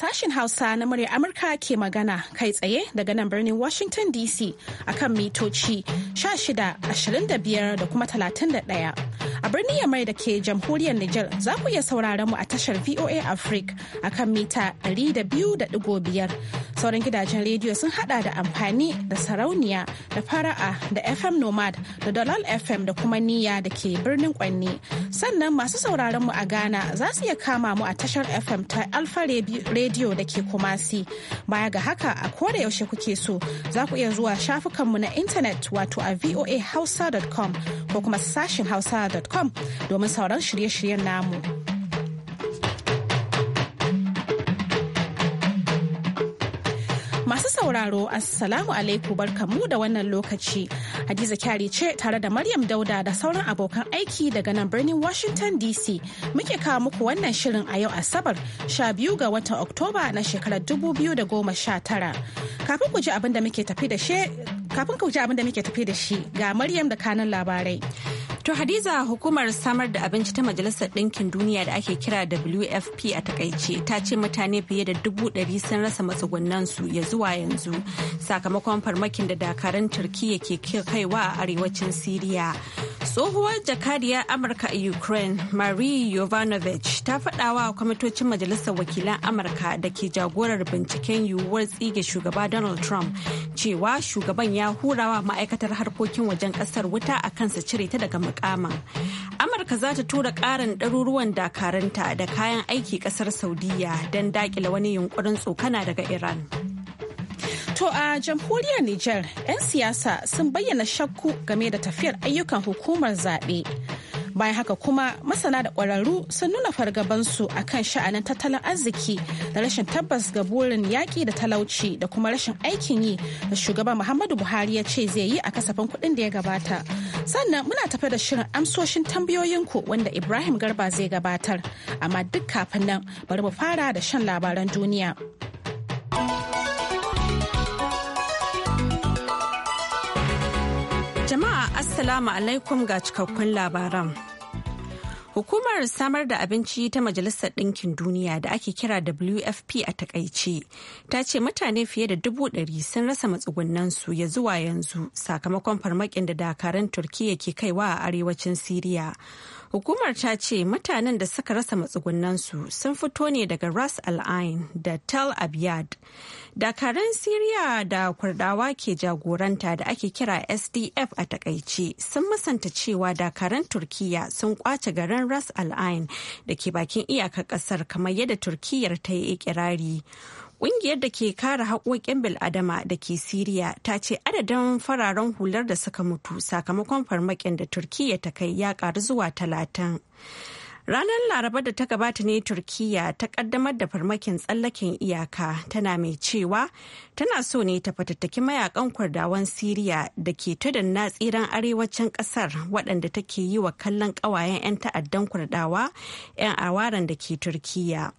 sashin Hausa na murya Amurka ke magana kai tsaye daga nan birnin Washington DC akan mitoci 16, 25 da kuma 31. A birnin Yamai da ke jamhuriyar Nijar za ku iya sauraron mu a tashar VOA Africa a kan mita 200.5. Sauran gidajen rediyo sun hada da amfani da sarauniya da fara'a da FM Nomad da Dalal FM da kuma Niyya da ke birnin Kwanni. Sannan masu sauraron mu a Ghana za su iya kama mu a tashar FM ta Alfa Radio da ke Kumasi. Baya ga haka a koda yaushe kuke so za ku iya zuwa shafukanmu na intanet wato a voahausa.com ko kuma sashin hausa.com. com domin sauran shirye-shiryen namu. Masu sauraro, Assalamu alaikum barkamu da wannan lokaci. Hadiza Kyari ce tare da Maryam Dauda da sauran abokan aiki daga nan birnin Washington DC. Muke kawo muku wannan shirin a yau Asabar, sha biyu ga watan Oktoba na shekarar 2019. Kafin ku ji abin da muke tafi da shi, ga Maryam da kanan labarai. To Hadiza hukumar samar da abinci ta Majalisar Ɗinkin Duniya da ake kira WFP a takaice ta ce mutane fiye da dubu ɗari sun rasa matsugunansu ya zuwa yanzu sakamakon farmakin da dakarun Turkiyya ke kaiwa a arewacin Siriya. Tsohuwar jakadiyar Amurka a Ukraine, Marie Yovanovich, ta faɗa wa kwamitocin Majalisar Wakilan Amurka da ke jagorar binciken yiwuwar tsige shugaba Donald Trump cewa shugaban ya hurawa ma'aikatar harkokin wajen ƙasar wuta a kansa cire ta daga mukamin amurka za ta tura ƙarin ɗaruruwan dakaranta da kayan aiki ƙasar saudiya don daƙila wani yunkurin tsokana daga iran To a jamhuriyar Nijar, 'yan siyasa sun bayyana shakku game da tafiyar ayyukan hukumar zaɓe bayan haka kuma masana da ƙwararru sun nuna fargabansu a kan sha'anin tattalin arziki da rashin tabbas ga burin yaƙi da talauci da kuma rashin aikin yi da shugaban muhammadu buhari ya ce zai yi a kasafin kuɗin da ya gabata sannan muna tafe da shirin amsoshin tambayoyinku wanda ibrahim garba zai gabatar amma duk kafin nan bari mu fara da shan labaran duniya Jama'a Assalamu alaikum ga cikakkun labaran. Hukumar samar da abinci ta Majalisar Ɗinkin Duniya da ake kira WFP a takaice ta ce mutane fiye da dubu ɗari sun rasa su ya zuwa yanzu sakamakon farmakin da dakarun Turkiyya ke kaiwa a arewacin Siriya. Hukumar ta ce mutanen da suka rasa matsugunansu sun fito ne daga Ras Al Ain da Tel Abyad. Dakaran Siriya da Kurdawa ke jagoranta da ake kira SDF a takaice sun musanta cewa dakaran Turkiya sun kwace garin Ras Al Ain da ke bakin iyakar kasar kamar yadda Turkiyar ta yi ikirari. Ƙungiyar da ke kare haƙoƙin bil'adama da ke Siriya ta ce adadin fararen hular da suka mutu sakamakon farmakin da Turkiyya ta kai ya ƙaru zuwa talatin. Ranar Laraba da ta gabata ne Turkiyya ta ƙaddamar da farmakin tsallaken iyaka tana mai cewa tana so ne ta fatattaki mayakan kurdawan Siriya da ke tudun na tsiran arewacin ƙasar waɗanda take yi wa kallon ƙawayen 'yan ta'addan kurdawa 'yan awaran da ke Turkiyya.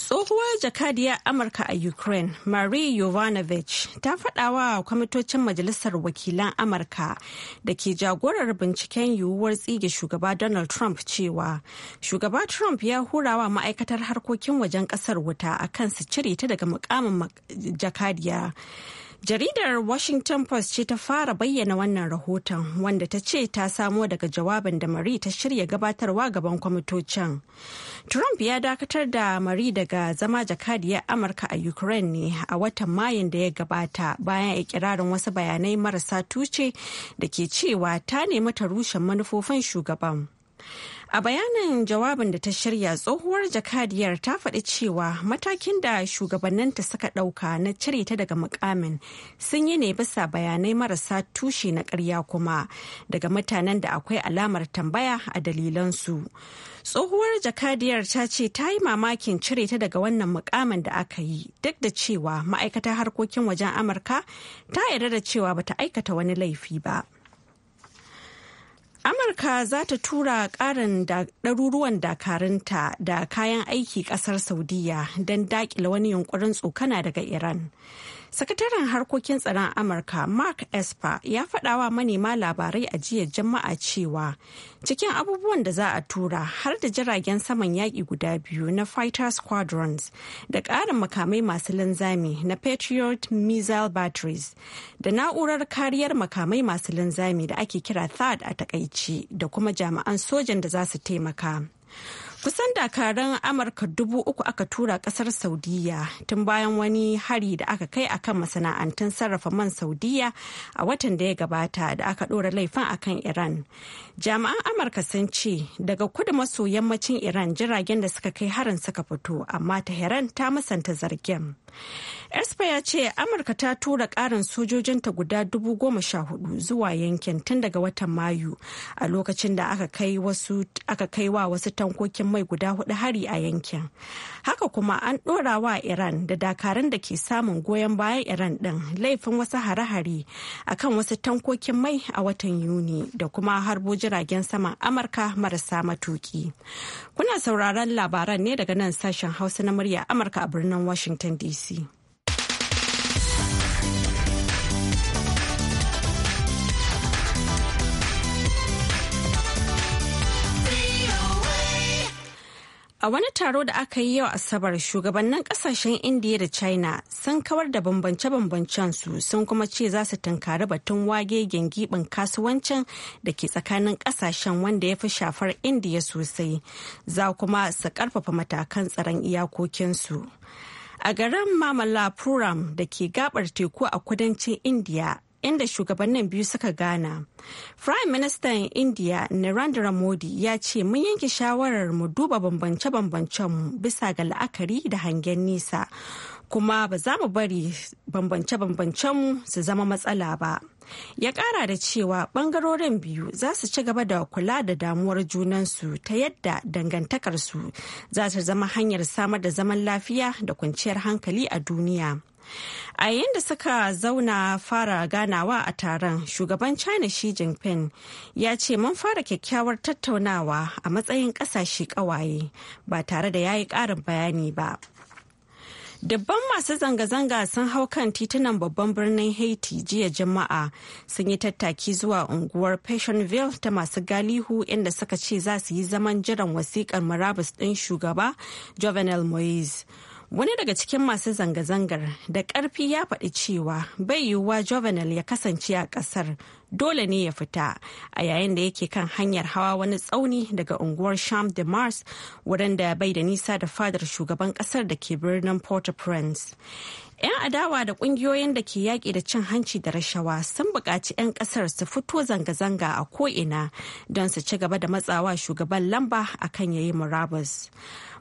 Tsohuwar jakadiyar Amurka a Ukraine, Marie Yovanovich, ta faɗa wa kwamitocin Majalisar Wakilan Amurka da ke jagorar binciken yiwuwar tsige shugaba Donald Trump cewa shugaba Trump ya hurawa ma'aikatar harkokin wajen ƙasar wuta a kan su cire ta daga mukamin jakadiyar. Jaridar Washington Post ce ta fara bayyana wannan rahoton wanda ta ce ta samo daga jawabin da Marie ta shirya gabatarwa gaban kwamitocin. Trump ya dakatar da Marie daga zama jakadiyar Amurka a Ukraine ne a watan Mayun da ya gabata bayan ikirarin wasu bayanai marasa tuce da ke cewa ta nemi ta rushe manufofin shugaban. A bayanin jawabin da ta shirya tsohuwar jakadiyar ta faɗi cewa matakin da shugabanninta suka ɗauka na cire ta daga mukamin sun yi ne bisa bayanai marasa tushe na ƙarya kuma daga mutanen da akwai alamar tambaya a dalilansu. Tsohuwar jakadiyar ta ce ta yi mamakin cire ta daga wannan mukamin da aka yi duk da cewa ma'aikatar harkokin wajen Amurka ta yarda da cewa bata aikata wani laifi ba. Amurka za ta tura ƙarin ɗaruruwan dakarunta da kayan aiki ƙasar Saudiya don daƙile wani yunkurin tsokana daga Iran. Sakataren harkokin tsaron Amurka Mark Esper ya faɗawa manema labarai a jiya Juma'a cewa cikin abubuwan da za a tura har da jiragen saman yaƙi guda biyu na fighter squadrons da ƙarin makamai masu linzami na Patriot missile batteries da na'urar kariyar makamai masu linzami da ake kira thad a takaici da kuma jami'an sojan da za su taimaka. kusan dakaran amurka dubu uku aka tura kasar saudiya tun bayan wani hari da aka kai akan masana'antun sarrafa man saudiya a watan da ya gabata da aka ɗora laifin akan iran jami'an amurka sun ce daga kudu maso yammacin iran jiragen da suka kai harin suka fito amma tehran ta musanta zargin espa ya ce amurka ta tura ƙarin sojojinta guda dubu goma sha hudu zuwa yankin tun daga watan mayu a lokacin da aka kai wa wasu tankokin mai guda hudu hari a yankin haka kuma an dora wa iran da dakarun da ke samun goyon bayan iran ɗin laifin wasu hare-hare kan wasu tankokin mai a watan yuni da kuma harbo jiragen saman amurka marasa matuki kuna sauraron labaran ne daga nan sashen hausa na murya amurka a birnin washington dc A wani taro da aka yi yau Asabar shugabannin kasashen Indiya da China sun kawar da bambance-bambancen su sun kuma ce za su tunkari batun wage gingibin kasuwancin da ke tsakanin kasashen wanda ya fi shafar Indiya sosai za kuma su karfafa matakan tsaron iyakokinsu. A garin Puram da ke gabar teku a kudancin Indiya inda shugabannin biyu suka gana. Prime Minister in India Narendra Modi ya ce mun yanke shawarar mu duba bambance-bambancen bisa ga la'akari da hangen nisa. kuma ba za mu bari bambance-bambancenmu su zama matsala ba. Ya kara da cewa bangarorin biyu za su ci gaba da kula da damuwar junansu ta yadda dangantakarsu za ta zama hanyar samar da zaman lafiya da kwanciyar hankali a duniya. A yayin da suka zauna fara ganawa a taron, shugaban China Xi Jinping ya ce mun fara kyakkyawar tattaunawa a matsayin kasashe kawaye ba tare da ya yi karin bayani ba. Dabban masu zanga-zanga sun hau kan titunan babban birnin Haiti jiya jama'a sun yi tattaki zuwa unguwar Passionville ta masu galihu inda suka ce za su yi zaman jiran wasikar murabus ɗin shugaba Jovenel Moise. wani daga cikin masu zanga-zangar da karfi ya faɗi cewa bai yiwuwa jovenel ya kasance a ƙasar dole ne ya fita a yayin da yake kan hanyar hawa wani tsauni daga unguwar sham de mars wurin da bai da nisa da fadar shugaban ƙasar da ke birnin port-au-prince 'yan adawa da kungiyoyin da ke yaƙi da cin hanci da rashawa sun buƙaci 'yan ƙasar su fito zanga-zanga a ko'ina don su ci gaba da matsawa shugaban lamba akan yayi murabus. murabus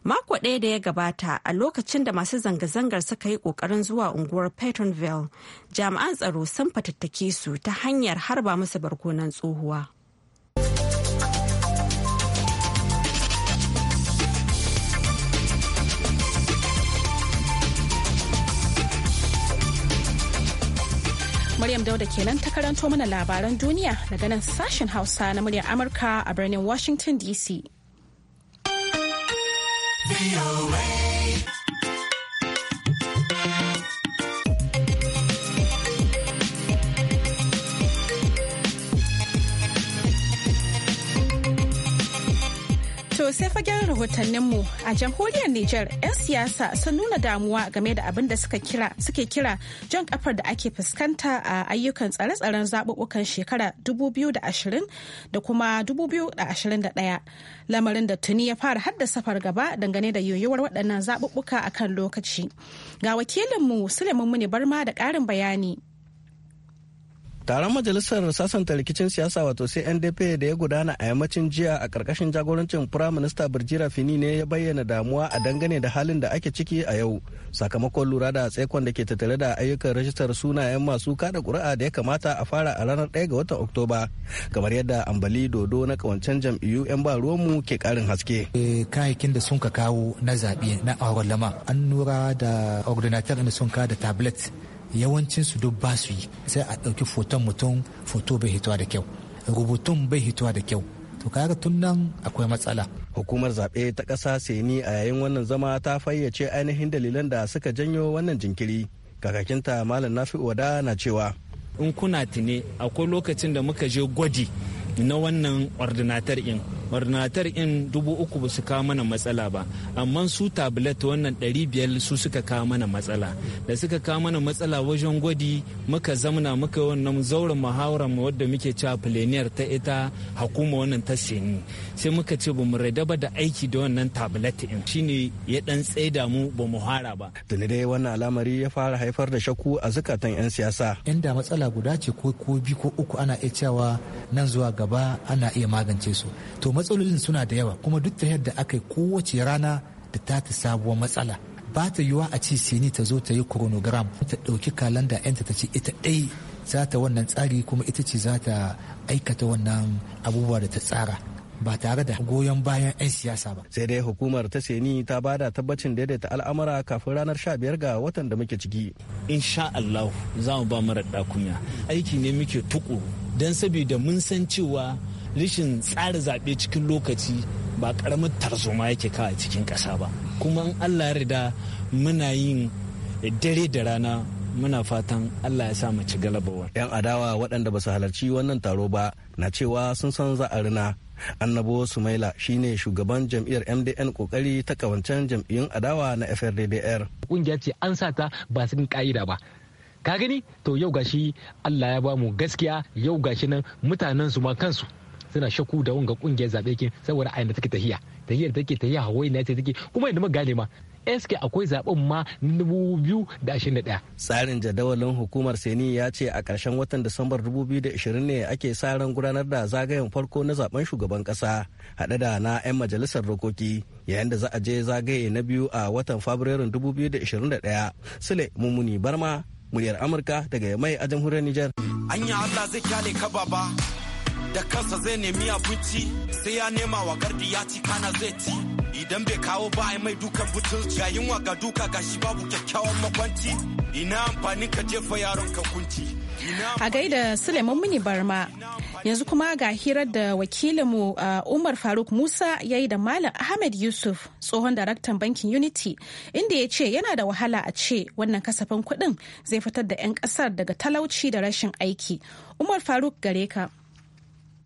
Mako ɗaya da ya gabata a lokacin da masu zanga-zangar suka yi ƙoƙarin zuwa unguwar petronville jami'an tsaro sun fatattake su ta hanyar harba musu barkonan tsohuwa. Maryam Dauda kenan ta karanto mana labaran duniya daga nan sashen Hausa na muryar Amurka a birnin Washington DC. Be away. sai fagen rahotanninmu a jamhuriyar Nijar 'yan siyasa sun nuna damuwa game da abin da suka kira suke kira jan kafar da ake fuskanta a ayyukan tsare-tsaren zaɓuɓɓukan shekara 2020 da kuma 2021 lamarin da tuni ya fara haddasa fargaba dangane da yoyuwar waɗannan zaɓuɓɓuka a kan lokaci. Ga wakilinmu Suleiman Muni Barma da ƙarin bayani. Taron majalisar sasanta rikicin siyasa wato CNDP da ya gudana a yammacin jiya a ƙarƙashin jagorancin Firaminista Birjira Fini ne ya bayyana damuwa a dangane da halin da ake ciki a yau sakamakon lura da tsaikon da ke tattare da ayyukan rajistar sunayen masu kada ƙuri'a da ya kamata a fara a ranar 1 ga watan Oktoba kamar yadda ambali dodo na kawancen jam'iyyu 'yan ba ruwanmu ke karin haske. E, kayayyakin da sun ka kawo na zaɓe na lama an nura da ordinator da sun ka da tablet yawancin su duk ba su yi sai a ɗauki foton mutum foto bai hitowa da kyau rubutun bai hitowa da kyau to kaga tun nan akwai matsala hukumar zaɓe ta ƙasa seni a yayin wannan zama ta fayyace ainihin dalilan da suka janyo wannan jinkiri kakakinta malam nafi wada na cewa in kuna tuni akwai lokacin da muka je gwaji na wannan ordinatar in ordinatar in dubu uku ba su kawo mana matsala ba amma su tablet wannan ɗari biyar su suka kawo mana matsala da suka kawo mana matsala wajen gwadi muka zamna muka wannan zauren muhawarar mu wadda muke cewa pleniyar ta ita hukuma wannan ta sini sai muka ce ba mu ba da aiki da wannan tablet in shine ya dan tsaida mu ba mu hara ba tuni dai wannan al'amari ya fara haifar da shakku a zukatan 'yan siyasa inda matsala guda ce ko ko bi ko uku ana iya cewa nan zuwa gaba gaba ana iya magance su to matsalolin suna da yawa kuma duk da yadda aka yi kowace rana da ta ta sabuwar matsala ba ta yiwa a ci sini ta zo ta yi chronogram ta ɗauki kalanda yanta ta ce ita ɗai za ta wannan tsari kuma ita ce za ta aikata wannan abubuwa da ta tsara ba tare da goyon bayan 'yan siyasa ba. Sai dai hukumar ta Seni ta bada tabbacin daidaita al'amura kafin ranar sha biyar ga watan da muke ciki. Insha Allah za mu ba mara dakunya. Aiki ne muke tuku don saboda mun san cewa rishin tsara zaɓe cikin lokaci ba ƙaramin tarzoma yake kawo cikin ƙasa ba. Kuma in Allah rida muna yin dare da rana muna fatan Allah ya sa mu ci galabawa. 'Yan adawa waɗanda ba su halarci wannan taro ba na cewa sun san za a rina annabo sumaila shine shugaban jam'iyyar mdn kokari ta kawancen jam'iyyun adawa na frddr kungiya ce an sa ta ba sun ka'ida ba ka gani to yau gashi allah ya ba mu gaskiya yau gashi nan mutanen su ma kansu suna shaku da wanga kungiyar zaɓe kin saboda ayyana take tahiya tahiyar take tahiya hawaii na take kuma yadda muka gane ma eske akwai zaben ma 2021 tsarin jadawalin hukumar seni ya ce a ƙarshen watan disambar 2020 ne ake sa ran gudanar da zagayen farko na zaben shugaban ƙasa haɗe da na 'yan majalisar dokoki yayin da za a je zagaye na biyu a watan fabrairun 2021 sule mummuni barma muryar amurka daga mai a jamhuriyar niger allah da kansa zai nemi abinci sai ya nema wa gardi ya ci kana zai ci idan bai kawo ba ai mai dukan butulci ga wa ga duka gashi babu kyakkyawan makwanci ina amfani ka jefa yaron ka kunci a gaida suleiman muni barma yanzu kuma ga hirar da wakilinmu uh, umar faruk musa ya yi da malam ahmed yusuf tsohon daraktan bankin unity inda ya ce yana da wahala a ce wannan kasafin kuɗin zai fitar da 'yan ƙasar daga talauci da rashin aiki umar faruk gare ka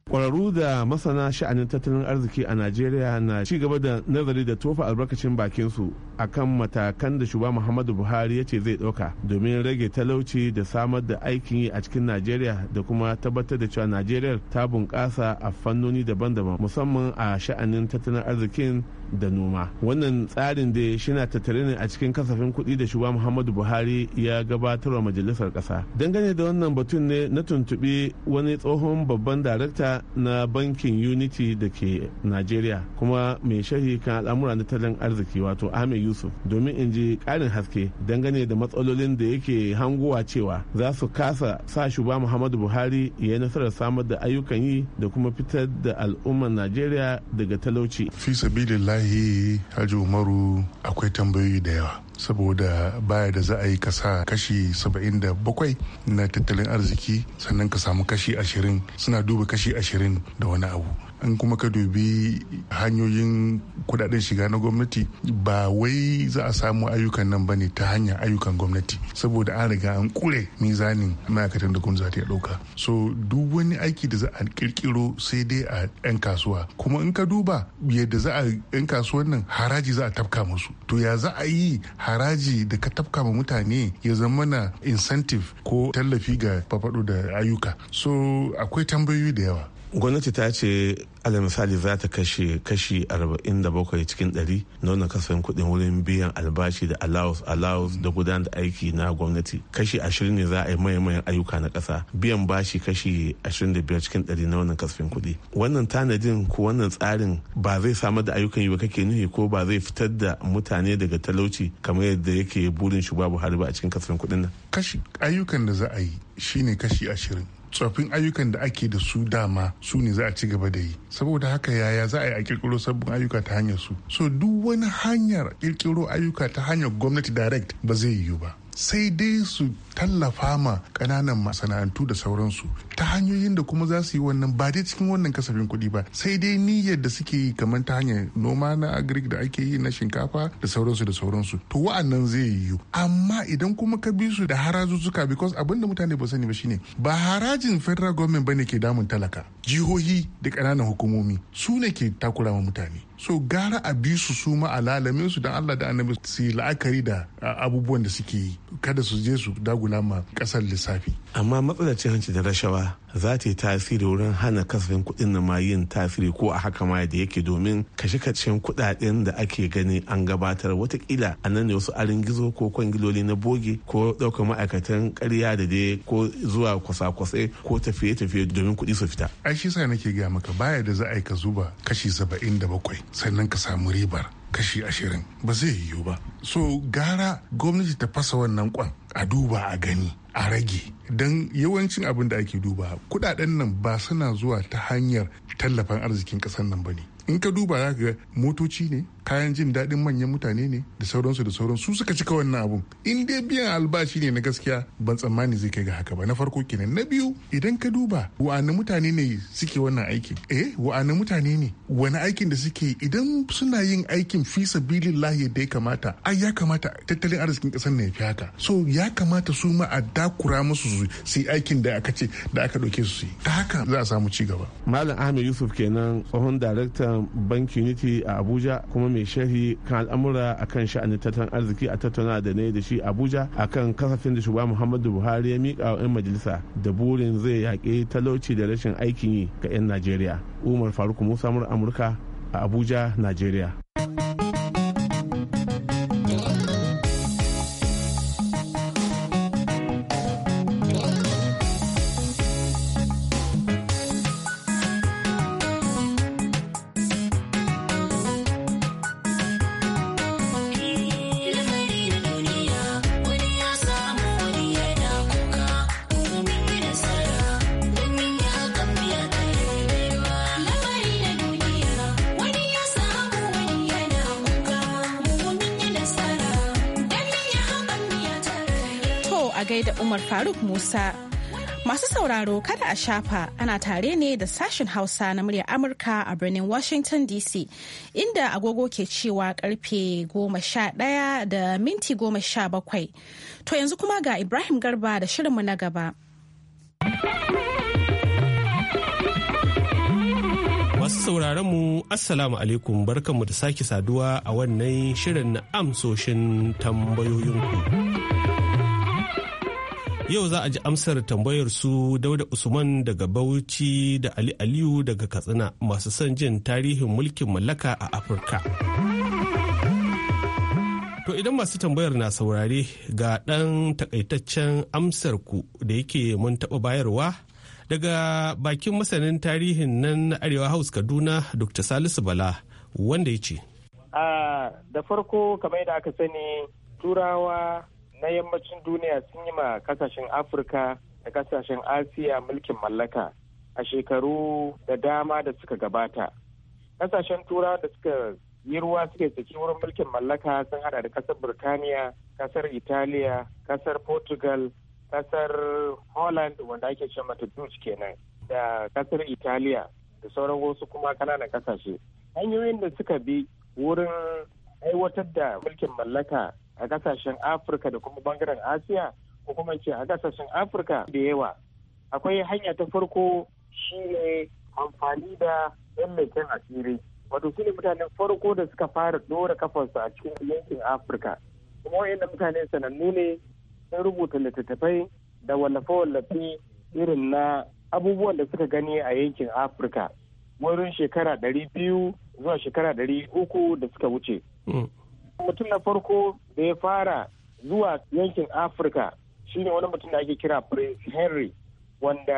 Kwararru da masana sha'anin tattalin arziki a Najeriya na ci gaba da nazari da tofa albarkacin bakin su akan matakan da shugaba Muhammadu Buhari ya ce zai ɗauka domin rage talauci da samar da aikin yi a cikin Najeriya da kuma tabbatar da cewa Najeriya ta bunƙasa a fannoni daban-daban musamman a sha'anin tattalin arzikin da noma wannan tsarin da shi na tattare ne a cikin kasafin kuɗi da shugaba muhammadu buhari ya gabatarwa majalisar ƙasa dangane da wannan batun ne na tuntuɓi wani tsohon babban darakta na bankin unity da ke nigeria kuma mai shahi kan al'amura na tattalin arziki wato ahmed yusuf domin in ji karin haske dangane da matsalolin da yake hanguwa cewa za su kasa sa shugaba muhammadu buhari ya yi nasarar samar da ayyukan yi da kuma fitar da al'ummar nigeria daga talauci fi sabilillahi wallahi haji umaru akwai tambayoyi da yawa saboda baya da za a yi kasa kashi 77 na tattalin arziki sannan ka samu kashi 20 suna duba kashi 20 da wani abu in kuma ka dubi hanyoyin kudaden shiga na gwamnati ba wai za a samu ayyukan nan ba ne ta hanyar ayyukan gwamnati saboda an riga an kure mizanin ma'aikatan da gwamnati za ta dauka so duk wani aiki da za a kirkiro sai dai a yan kasuwa kuma in ka duba yadda za a yan kasuwan nan haraji za a tafka musu to ya za a yi haraji da ka tafka ma mutane ya zama na incentive ko tallafi ga farfado da ayyuka so akwai tambayoyi da yawa gwamnati ta ce ala misali za ta kashe kashi 47 cikin 100 na wannan kasafin kudin wurin biyan albashi da allows allows da gudanar da aiki na gwamnati kashi 20 ne za a yi mayan ayyuka na ƙasa biyan bashi kashi 25 cikin 100 na wannan kasafin kuɗi wannan tanadin ko wannan tsarin ba zai samar da ayyukan yi ba kake nufi ko ba zai fitar da mutane daga talauci kamar yadda yake burin shugaba Buhari ba a cikin kasafin kuɗin nan kashi ayyukan da za a yi shine kashi 20 tsoffin ayyukan da ake da su dama su ne za a ci gaba da yi saboda haka yaya za a yi a kirkiro sabbin ayyuka ta hanyar su so duk wani hanyar kirkiro ayyuka ta hanyar gwamnati direct ba zai yiwu ba sai dai su tallafa ma ƙananan masana'antu da sauransu ta hanyoyin da kuma za su yi wannan ba dai cikin wannan kasafin kuɗi ba sai dai niyyar da suke yi kamar ta hanyar noma na agric da ake yi na shinkafa da sauransu da sauransu to wa'annan zai yiwu amma idan kuma ka bi su da harajuzzuka because abin da mutane ba sani ba shine ba harajin federal government bane ke damun talaka jihohi da kananan hukumomi su ne ke takura mutane so gara a bi su su ma alalamin su don Allah da annabi su yi la'akari da abubuwan da suke yi kada su je su dagula ma kasar lissafi amma matsalar cin hanci da rashawa za ta yi tasiri wurin hana kasafin kuɗin na ma yin tasiri ko a haka ma da yake domin kashe-kashen kuɗaɗen da ake gani an gabatar watakila a nan ne wasu arin gizo ko kwangiloli na boge ko ɗaukar ma'aikatan ƙarya da dai ko zuwa kwasa-kwasai ko tafiye-tafiye domin kuɗi su fita. ai shi sa nake gaya maka baya da za a yi ka zuba kashi saba'in da bakwai sannan ka samu ribar kashi ashirin ba zai yiwu ba so gara gwamnati ta fasa wannan kwan a duba a gani a rage don yawancin abin da ake duba kudaden nan ba suna zuwa ta hanyar tallafin arzikin kasar nan ba ne in ka duba za ga motoci ne kayan jin daɗin manyan mutane ne da sauransu da sauransu suka cika wannan abun in dai biyan albashi ne na gaskiya ban tsammani zai kai ga haka ba na farko kenan na biyu idan ka duba wa'ana mutane ne suke wannan aikin eh wa'ana mutane ne wani aikin da suke idan suna yin aikin fi sabilillahi da ya kamata ai ya kamata tattalin arzikin kasar ne ya fi haka so ya kamata su ma a dakura musu su yi aikin da aka ce da aka ɗauke su su yi ta haka za a samu ci gaba malam ahmed yusuf kenan tsohon daraktan bank unity a abuja kuma mai shahi kan al'amura akan sha'anin tattalin arziki a tattauna da ne da shi abuja akan kasafin da shugaba muhammadu buhari ya miƙa wa 'yan majalisa da burin zai yaƙi talauci da rashin aikin yi ga 'yan najeriya umar faruk musa amurka a abuja najeriya da Umar Faruk Musa. Masu sauraro kada a shafa ana tare ne da sashen Hausa na muryar Amurka a birnin Washington DC inda agogo ke cewa karfe goma sha ɗaya da minti goma sha bakwai. To yanzu kuma ga Ibrahim Garba da shirinmu na gaba. Masu sauraron mu Assalamu alaikum barkanmu da sake saduwa a wannan shirin amsoshin tambayoyinku. Yau za a ji amsar tambayar su Dauda Usman daga Bauchi da Ali Aliyu daga Katsina masu son jin tarihin mulkin mallaka a Afirka. To idan masu tambayar na saurare ga ɗan takaitaccen amsar ku da yake mun taɓa bayarwa daga bakin masanin tarihin nan na Arewa House Kaduna Dr. Salisu Bala wanda ya ce. Ah, da farko kamar da aka sani turawa na yammacin duniya sun yi ma kasashen afirka da kasashen asiya mulkin mallaka a shekaru da dama da suka gabata kasashen tura da suka yi ruwa suke saki wurin mulkin mallaka sun hada da kasar birtaniya kasar italiya kasar portugal kasar holland wanda ake ce mata dutch kenan da kasar italiya da sauran wasu kuma kananan kasashe hanyoyin da suka bi wurin aiwatar da mulkin mallaka a kasashen afirka da kuma bangaren asiya ko kuma ce a kasashen afirka da yawa akwai hanya ta farko shine amfani da yan leken asiri wato su ne mutanen farko da suka fara dora kafarsu a cikin yankin afirka kuma wayannan mutane sanannu ne sun rubuta littattafai da wallafe-wallafe irin na abubuwan da suka gani a yankin afirka wurin shekara ɗari zuwa shekara ɗari uku da suka wuce mm. mutum na farko da ya fara zuwa yankin afirka shine wani mutum da ake kira prince henry wanda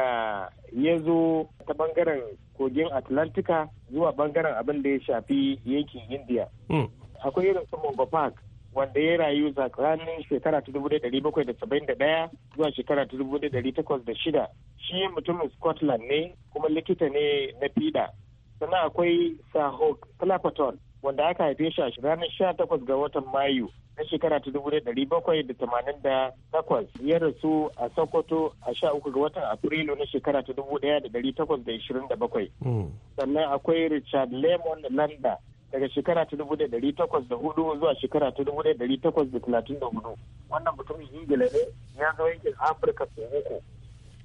ya zo ta bangaren kogin atlantika zuwa bangaren abin da ya shafi yankin india hmm. akwai irin su mongo park wanda ya rayu tsakanin shekara ta dubu da bakwai da saba'in da ɗaya zuwa shekara ta dubu takwas da shida shi mutumin scotland ne kuma likita ne na fida sannan akwai saho clapperton wanda aka haife shi a ranar sha takwas ga watan mayu na shekara ta dubu ɗari bakwai da tamanin da takwas ya rasu a sokoto a sha uku ga watan afrilu na shekara ta dubu ɗaya da ɗari takwas da ishirin da bakwai hmm. sannan akwai richard lemon landa daga shekara ta dubu ɗari takwas da hudu zuwa shekara ta dubu ɗari takwas da talatin da hudu wannan mutumin ingila ne ya zo yankin afirka sau uku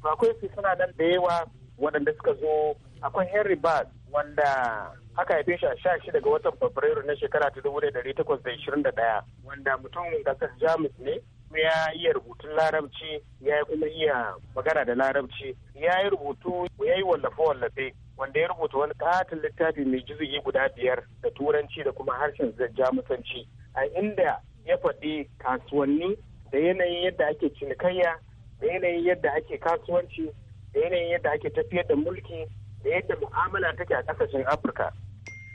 akwai su suna nan da yawa waɗanda suka zo akwai henry bass wanda aka haife shi a sha shida ga watan fabrairu na shekara ta dubu ɗari takwas da ishirin da ɗaya wanda mutum gasar jamus ne ya iya rubutun larabci ya yi kuma iya magana da larabci ya yi rubutu ya yi wallafe-wallafe wanda ya rubuta wani katin littafi mai jizgi guda biyar da turanci da kuma harshen jamusanci a inda ya faɗi kasuwanni da yanayin yadda ake cinikayya da yanayin yadda ake kasuwanci da yanayin yadda ake tafiyar da mulki da yadda mu'amala take a ƙasashen afirka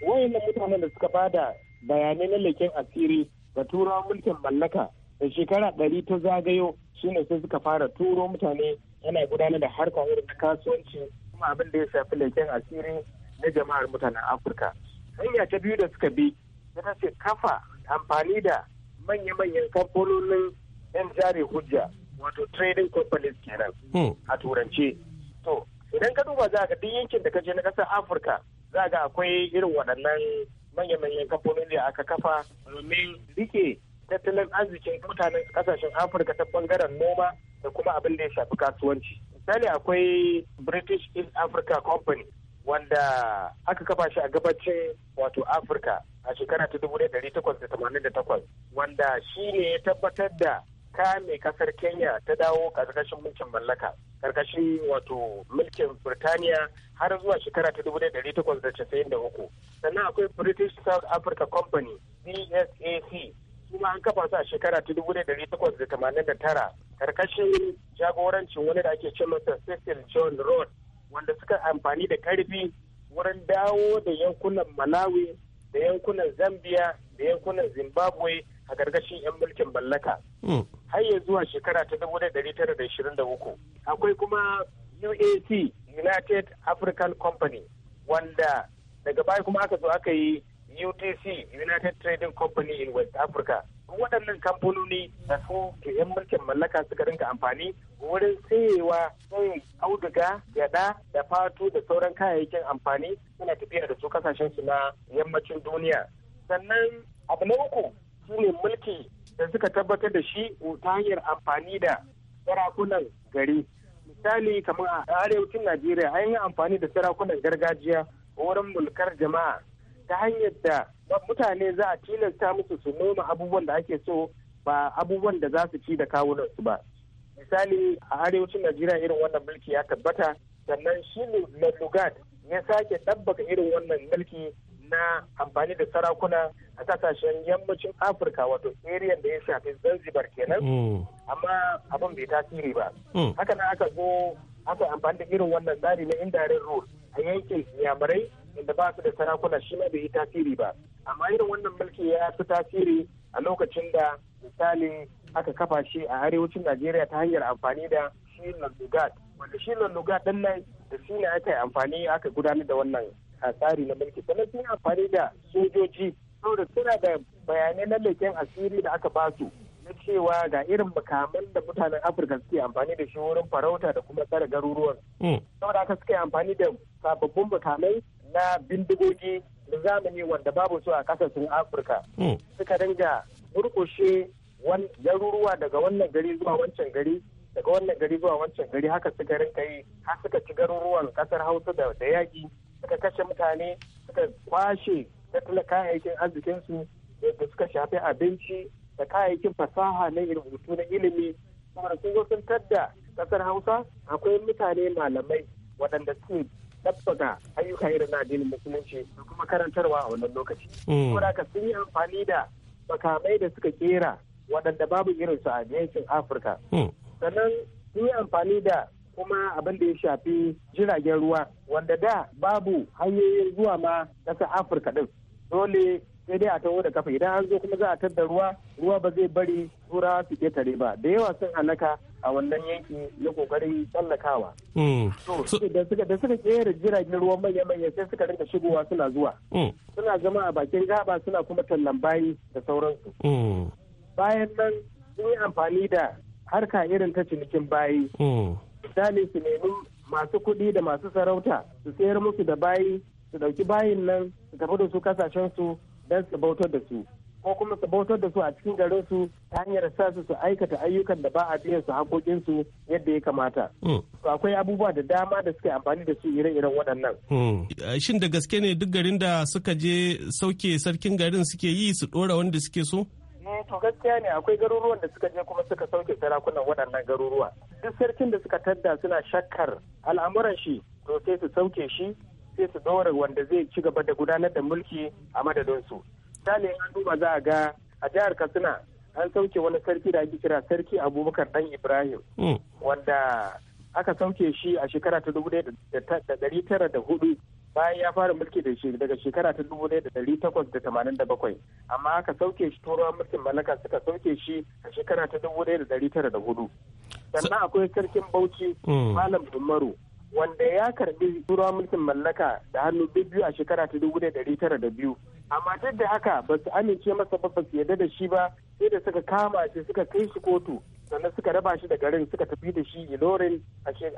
wayannan mutanen da suka bada bayanai na leken asiri ga turawa mulkin mallaka da shekara ɗari ta zagayo ne sai suka fara turo mutane yana gudanar da harka irin na kasuwanci kuma abin da ya shafi leken asiri na jama'ar mutanen afirka hanya ta biyu da suka bi ita ce kafa amfani da manya-manyan kamfanonin yan jari hujja wato trading companies kenan hmm. a turance to idan ka duba za ka duk yankin da ka je na ƙasar afirka za ga akwai irin waɗannan manya-manyan kamfanoni da aka kafa domin rike tattalin arzikin mutanen kasashen afirka ta bangaren noma da kuma abin da ya shafi kasuwanci misali akwai british east africa company wanda aka kafa shi a gabacin wato afirka a shekara ta 1888 wanda shi ne ya tabbatar da kame kasar kenya ta dawo ƙarƙashin mulkin mallaka karkashin wato mulkin Birtaniya har zuwa shekara ta dubu ɗari da uku. Sannan akwai British South Africa Company BSAC kuma an kafa su a shekara ta dubu ɗari da tamanin da tara karkashin jagorancin wani da ake ce Mr. Cecil John Road wanda suka amfani da karfi wurin dawo da yankunan Malawi da yankunan Zambia da yankunan Zimbabwe a karkashin 'yan mulkin mallaka. Hmm. har ya zuwa shekara ta 1923 akwai kuma uac united african company wanda daga baya kuma aka zo aka yi utc united trading company in west africa waɗannan kamfanoni da su ke 'yan mulkin mallaka suka rinka amfani wurin sayewa sun auduga gyada da fatu da sauran kayayyakin amfani suna tafiya da su kasashen su na yammacin duniya sannan abu na uku shine mulki da suka tabbatar da shi ta hanyar amfani da sarakunan gari misali kamar a arewacin najeriya an yi amfani da sarakunan gargajiya wurin mulkar jama'a ta hanyar da mutane za a tilasta musu su noma abubuwan da ake so ba abubuwan da za su ci da kawunansu ba misali a arewacin najeriya irin wannan mulki ya tabbata sannan shi ne ya sake ɗabbaka irin wannan mulki na amfani da sarakuna a kasashen yammacin afirka wato area da ya shafi zanzibar kenan mm. amma abin bai tasiri ba mm. haka nan aka zo aka amfani da irin wannan tsari na indirect rule a yankin yamurai inda ba su da sarakuna shi ma bai yi tasiri ba amma irin wannan mulki ya fi tasiri a lokacin da misali aka kafa shi a arewacin najeriya ta hanyar amfani da shi lalugat wanda shi lalugat din nan da shi ne aka yi amfani aka gudanar da wannan a tsari na mulki sannan sun amfani da sojoji saboda suna da bayanai na leken asiri da aka basu na cewa ga irin makaman da mutanen afirka suke amfani da shi wurin farauta da kuma tsare garuruwan hmm. saboda haka suke amfani da sababbin makamai na bindigogi da zamani wanda babu su a kasashen afirka hmm. suka dinga murkushe garuruwa daga wannan gari zuwa wancan gari daga wannan gari zuwa wancan gari haka suka rinka yi har suka ci garuruwan kasar hausa da yaƙi suka kashe mutane suka kwashe tattala kayayyakin arzikinsu da suka shafi abinci da kayayyakin fasaha na rubutu na ilimi da sun sun tadda kasar hausa akwai mutane malamai waɗanda sun ɗabbaka ayyuka irin na addinin musulunci da kuma karantarwa a wannan lokaci. Hmm. Saboda haka sun yi amfani da makamai da suka kera waɗanda babu irinsu a yankin Afirka. Hmm. Sannan sun yi amfani da kuma abin da ya shafi jiragen ruwa wanda da babu hanyoyin zuwa ma ƙasar afirka din dole sai dai a taho da kafa idan an zo kuma za a tadda ruwa ruwa ba zai bari tura su tare ba da yawa sun halaka a wannan yanki na kokarin tsallakawa. Hmm. Da suka kera jiragen ruwan manya-manya sai suka rinka shigowa suna zuwa. Hmm. Suna zama a bakin gaba suna kuma tallan bayi da sauransu. Hmm. Bayan nan sun yi amfani da harka irin ta cinikin bayi. misali su nemi masu kuɗi da masu sarauta su sayar musu da bayi su ɗauki bayin nan su tafi da su kasashen su don su bautar da su ko kuma su bautar da su a cikin garin su ta hanyar sa su su aikata ayyukan da ba a biyan su hakokin su yadda ya kamata. Hmm. To akwai abubuwa da dama da suke amfani da su ire-iren waɗannan. Hmm. Shin da gaske ne duk garin da suka je sauke sarkin garin suke yi su ɗora wanda suke so? Eh, to gaskiya ne akwai garuruwan da suka je kuma suka sauke sarakunan waɗannan garuruwa duk sarkin da suka tadda suna shakkar al'amuran shi to sai su sauke shi sai su ɗora wanda zai ci gaba da gudanar da mulki a su misali an duba za a ga a jihar katsina an sauke wani sarki da ake kira sarki abubakar dan ibrahim hmm. wanda aka sauke shi a shekara ta dubu da da hudu bayan ya fara mulki da shi daga shekara ta dubu ɗaya da ɗari takwas da tamanin da bakwai amma aka sauke shi turawan mulkin mallaka suka sauke shi a shekara ta dubu ɗaya da ɗari tara da hudu sannan akwai sarkin bauchi mm. malam umaru wanda ya karbi turawan mulkin mallaka da hannu biyu a shekara ta dubu ɗaya da ɗari tara da biyu amma duk da haka ba su amince masa ba ba su yarda da shi ba sai da suka kama shi suka kai shi kotu sannan suka raba shi da garin suka tafi da shi ilorin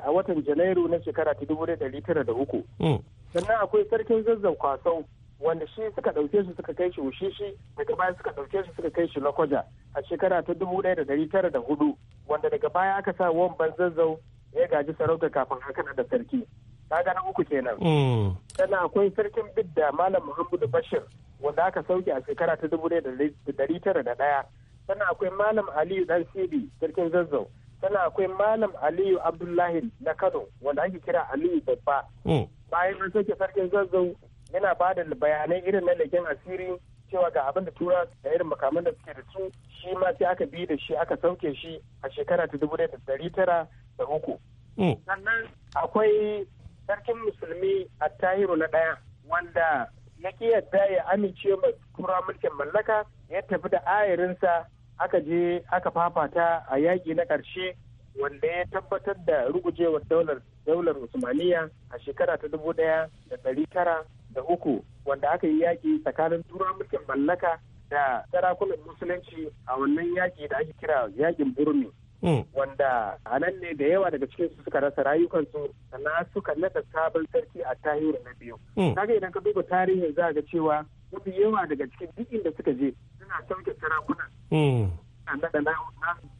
a watan janairu na shekara ta dubu da tara da uku mm. sannan akwai sarkin zazzau kwasau wanda shi suka dauke shi suka kai shi ushishi daga baya suka ɗauke shi suka kai shi lakwaja a shekara ta dubu ɗaya da dari tara da hudu wanda daga baya aka sa wamban zazzau ya gaji sarauta kafin haka da sarki kaga na uku kenan mm. sannan akwai sarkin bidda malam muhammadu bashir wanda aka sauke a shekara ta dubu ɗaya da dari tara da ɗaya sannan akwai malam aliyu dan sidi sarkin zazzau sannan akwai malam aliyu abdullahi na kano wanda ake kira aliyu babba mm. bayan mun soke sarkin zazzau yana ba da bayanai irin na leken asiri cewa ga abin da tura da irin makaman da suke da su shi ma sai aka bi da shi aka sauke shi a shekara ta dubu da dari tara da uku. Hmm. Sannan akwai sarkin musulmi a tahiru na ɗaya wanda ya ƙi yadda ya amince ma tura mulkin mallaka ya tafi da ayarinsa aka je aka fafata a yaƙi na ƙarshe wanda ya tabbatar da rugujewar daular daular usmaniya a shekara ta dubu ɗaya da dari tara da uku wanda aka yi yaƙi tsakanin turawa mulkin mallaka da sarakunan musulunci a wannan yaƙi da ake kira yaƙin burmi hmm. wanda a nan ne da yawa daga cikin su suka rasa rayukansu sannan suka nada sabon sarki a tahiru na biyu hmm. kaga idan ka duba tarihin za ga cewa mafi yawa daga cikin duk da suka je suna sauke sarakuna hmm. nada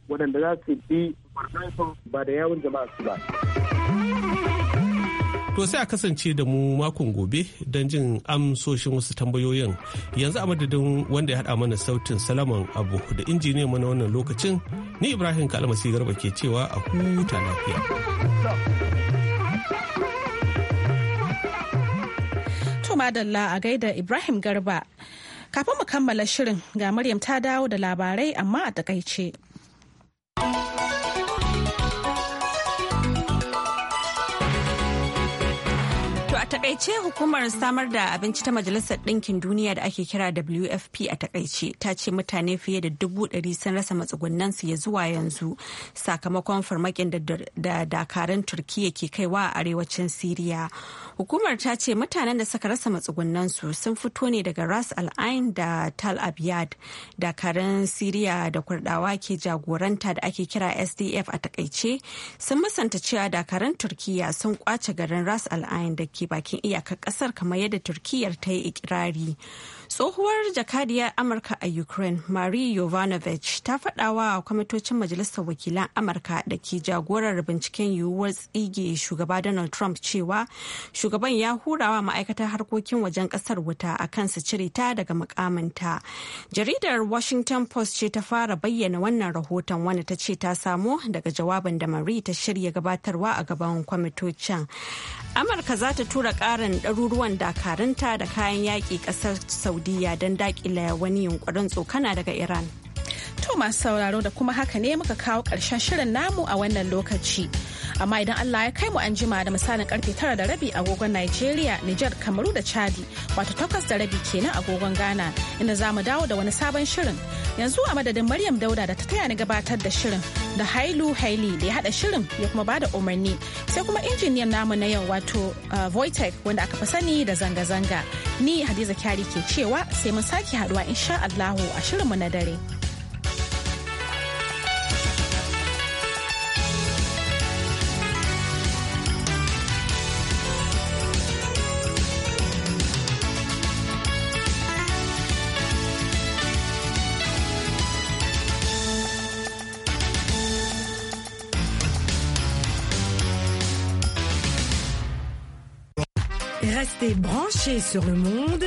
waɗanda za su bi ba da yawon jama'a su ba. To sai a kasance da mu makon gobe don jin amsoshin wasu tambayoyin yanzu a madadin wanda ya haɗa mana sautin salaman abu da injiniya mana wannan lokacin ni Ibrahim Kalmasi Garba ke cewa a huta lafiya. To madalla a gaida Ibrahim Garba. Kafin mu kammala shirin ga Maryam ta dawo da labarai amma a takaice. Thank you. takaice hukumar samar da abinci ta Majalisar Ɗinkin Duniya da ake kira WFP a takaice ta ce mutane fiye da dubu ɗari sun rasa matsugunan su ya zuwa yanzu sakamakon farmakin da dakarun Turkiyya ke kaiwa a arewacin Siriya. Hukumar ta ce mutanen da suka rasa matsugunan su sun fito ne daga Ras Al Ain da Tal Abyad dakarun Siriya da Kurdawa ke jagoranta da ake kira SDF a takaice sun musanta cewa dakarun Turkiyya sun kwace garin Ras Al Ain da ke bakin iyakar kasar kamar yadda turkiyar ta yi ikirari tsohuwar jakadiyar amurka a ukraine marie yovanovich ta faɗa wa kwamitocin majalisar wakilan amurka da ke jagorar binciken yiwuwar tsige shugaba donald trump cewa shugaban ya hurawa ma'aikatar harkokin wajen ƙasar wuta a kan su cire ta daga mukaminta jaridar washington post ce ta fara bayyana wannan rahoton wanda ta ce ta samo daga jawabin da marie ta shirya gabatarwa a gaban kwamitocin amurka za ta tura ƙarin ɗaruruwan dakarunta da kayan yaƙi ƙasar sau saudiya don dakila wani yunkurin tsokana daga iran to masu sauraro da kuma haka ne muka kawo karshen shirin namu a wannan lokaci amma idan Allah ya kai mu an jima da misalin karfe tara da rabi agogon Najeriya Nijar, Kamaru da Chadi wato takwas da rabi kenan agogon Ghana inda za mu dawo da wani sabon shirin. Yanzu a madadin Maryam Dauda da ta taya ni gabatar da shirin da Hailu Haili da ya haɗa shirin ya kuma bada umarni sai kuma injiniyan namu na yau wato Voitech uh, wanda aka fi sani da zanga-zanga. Ni Hadiza Kyari ke cewa sai mun sake haɗuwa insha Allahu a shirinmu na dare. Restez branché sur le monde.